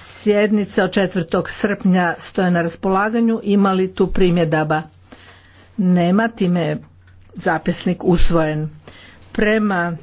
sjednica od 4. srpnja stoje na raspolaganju. Ima li tu primjedaba? Nema, time zapisnik usvojen. Prema